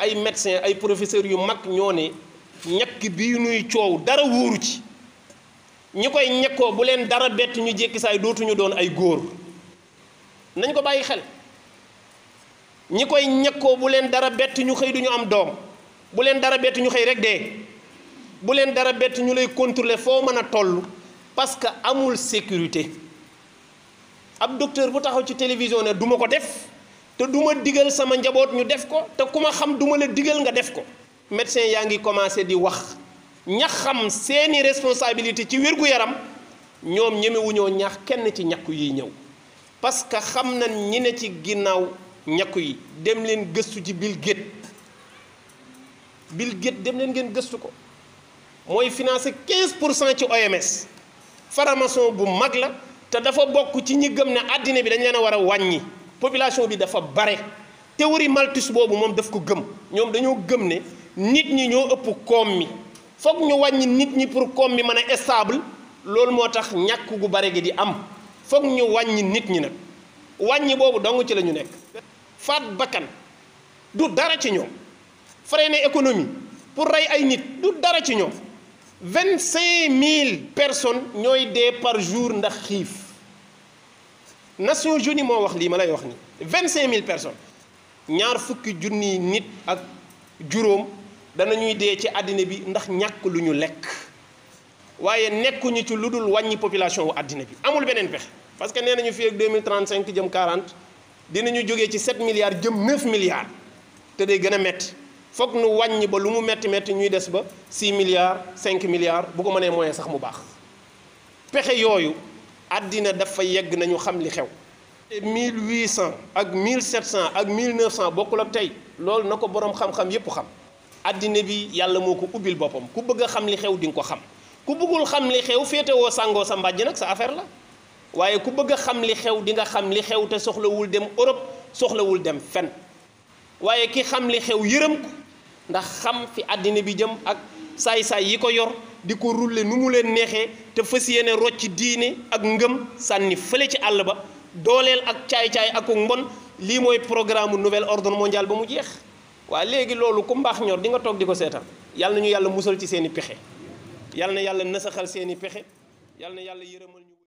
ay médecin ay professeur yu mag ñoo ne ñàkk bii nuy coow dara wóoru ci ñi koy ñekkoo bu leen dara bett ñu jékki saay dootuñu doon ay góor nañ ko bàyyi xel ñi koy ñekkoo bu leen dara bett ñu xëy duñu am doom bu leen dara bett ñu xëy rek dee bu leen dara bett ñu lay contrôler foo mën a toll parce que amul sécurité ab docteur bu taxaw ci télévision ne duma ko def te du ma digal sama njaboot ñu def ko te ku ma xam duma ma la digal nga def ko médecin yaa ngi commencé di wax ñax xam seeni responsabilité ci wér-gu-yaram ñoom ñemewuñoo ñaax kenn ci ñàkku yi ñëw parce que xam na ñi ne ci ginnaaw ñàkku yi dem leen gëstu ci Bill Gates Bill Gates dem leen ngeen gëstu ko mooy financé 15 pour cent ci OMS faramason bu mag la te dafa bokk ci ñi gëm ne àddina bi dañ leen a war a wàññi population bi dafa bare théorie Malthus bobu mom daf ko gëm ñom gëm ne nit ñi ñoo ëpp koom mi fokk ñu pour mi stable gu bare gi di am ñu nit ñi du dara ci ñom freiner économie pour ray ay nit du dara personnes ñoy par jour ndax Nations Unies moo wax lii ma lay wax ni vingt cinq mille personnes ñaar fukki junni nit ak juróom ñuy dee ci àddina bi ndax ñàkk lu ñu lekk waaye nekkuñu ci lu dul wàññi population wu àddina bi amul beneen pexe parce que nee nañu fii ak 2035 jëm 40 dinañu jóge ci 7 milliards jëm 9 milliards te day gën a métti foog nu wàññi ba lu mu métti metti ñuy des ba 6 milliards 5 milliards bu ko mënee moyen sax mu baax pexe yooyu. àddina dafa yegg nañu xam li xew. te 1800 ak mille 1700 ak 1900 bokkul ak tey loolu na ko boroom xam-xam yépp xam àddina bi yàlla moo ko ubbil boppam ku bëgg a xam li xew di nga ko xam ku bëggul xam li xew féetewoo sàngoo sa mbàjj nag sa affaire la. waaye ku bëgg a xam li xew dinga xam li xew te soxlawul dem Europe soxlawul dem fen waaye ki xam li xew yërëm ko ndax xam fi àddina bi jëm ak saay-saay yi ko yor di ko rulle nu mu leen neexee te fas yéene rocc diine ak ngëm sànni fële ci àll ba dooleel ak caay-caay ak mbon lii mooy programme nouvel ordre mondial ba mu jeex waaye léegi loolu ku mbaax ñor di nga toog di ko seetal yàlla na ñu yàlla musal ci seen i pexe yàlla na yàlla nasaxal seeni pexe yàlla na yàlla yërëmal ñu